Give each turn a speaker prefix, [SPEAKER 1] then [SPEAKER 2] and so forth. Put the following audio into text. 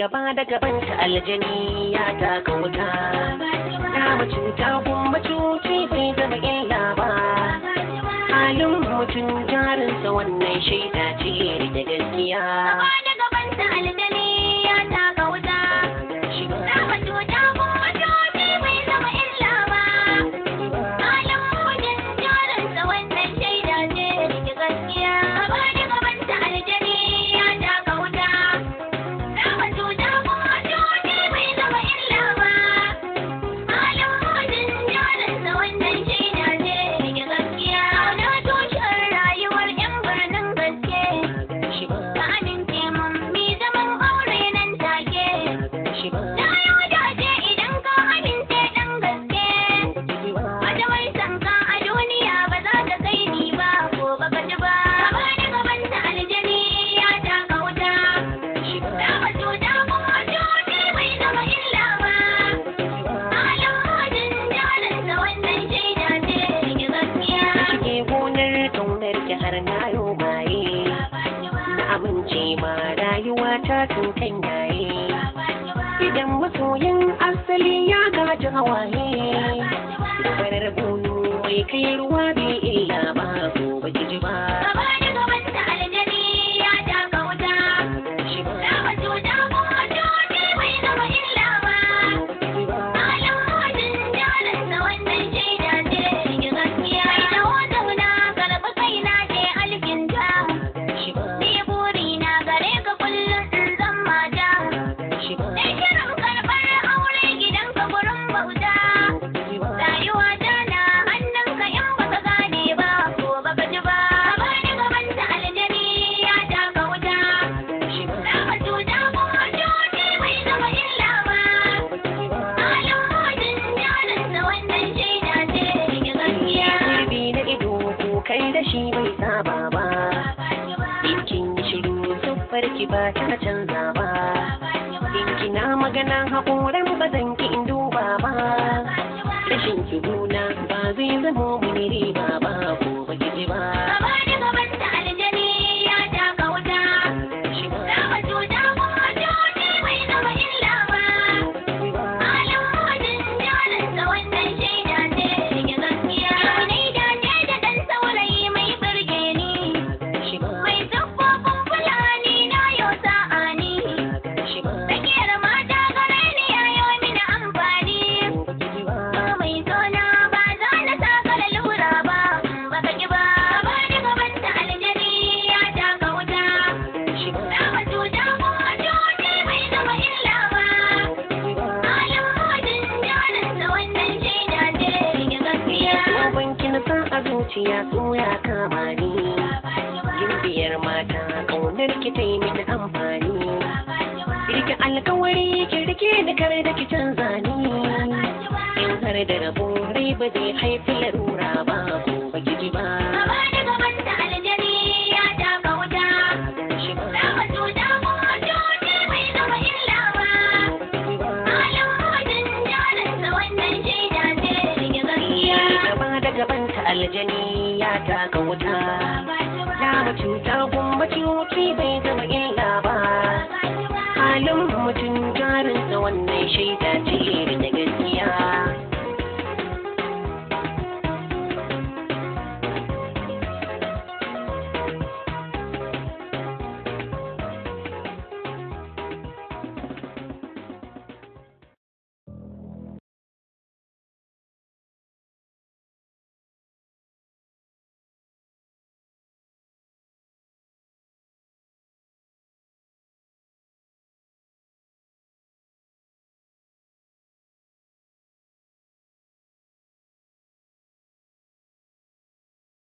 [SPEAKER 1] gaba da gabanta aljani ya taka wuta na mutunta kuma cuci bai zama illa ba halin mutum jarinsa wannan shaida ce da gaskiya amince ma rayuwa ta tutan yaye idan masoyin asali ya gaji hawaye da farar bunu mai kai ruwa bai illa ba ko baki ji ba Gaba da gaban da aljani
[SPEAKER 2] ya taka wuta, na wato damuwa.
[SPEAKER 1] ki ba ta canza ba in na maganan haƙoran ba zan ki duba ba rashin ki gona ba zai zama wani riba ba ko ba ki ba lokaci ya tsoya kama ni gimbiyar mata ƙaunar ki ta yi mini amfani rike alkawari ki rike da kar da ki canza ni in har da rabo rai ba zai haifi larura ba ko ba ki ji ba aljani ya taka wuta za mutu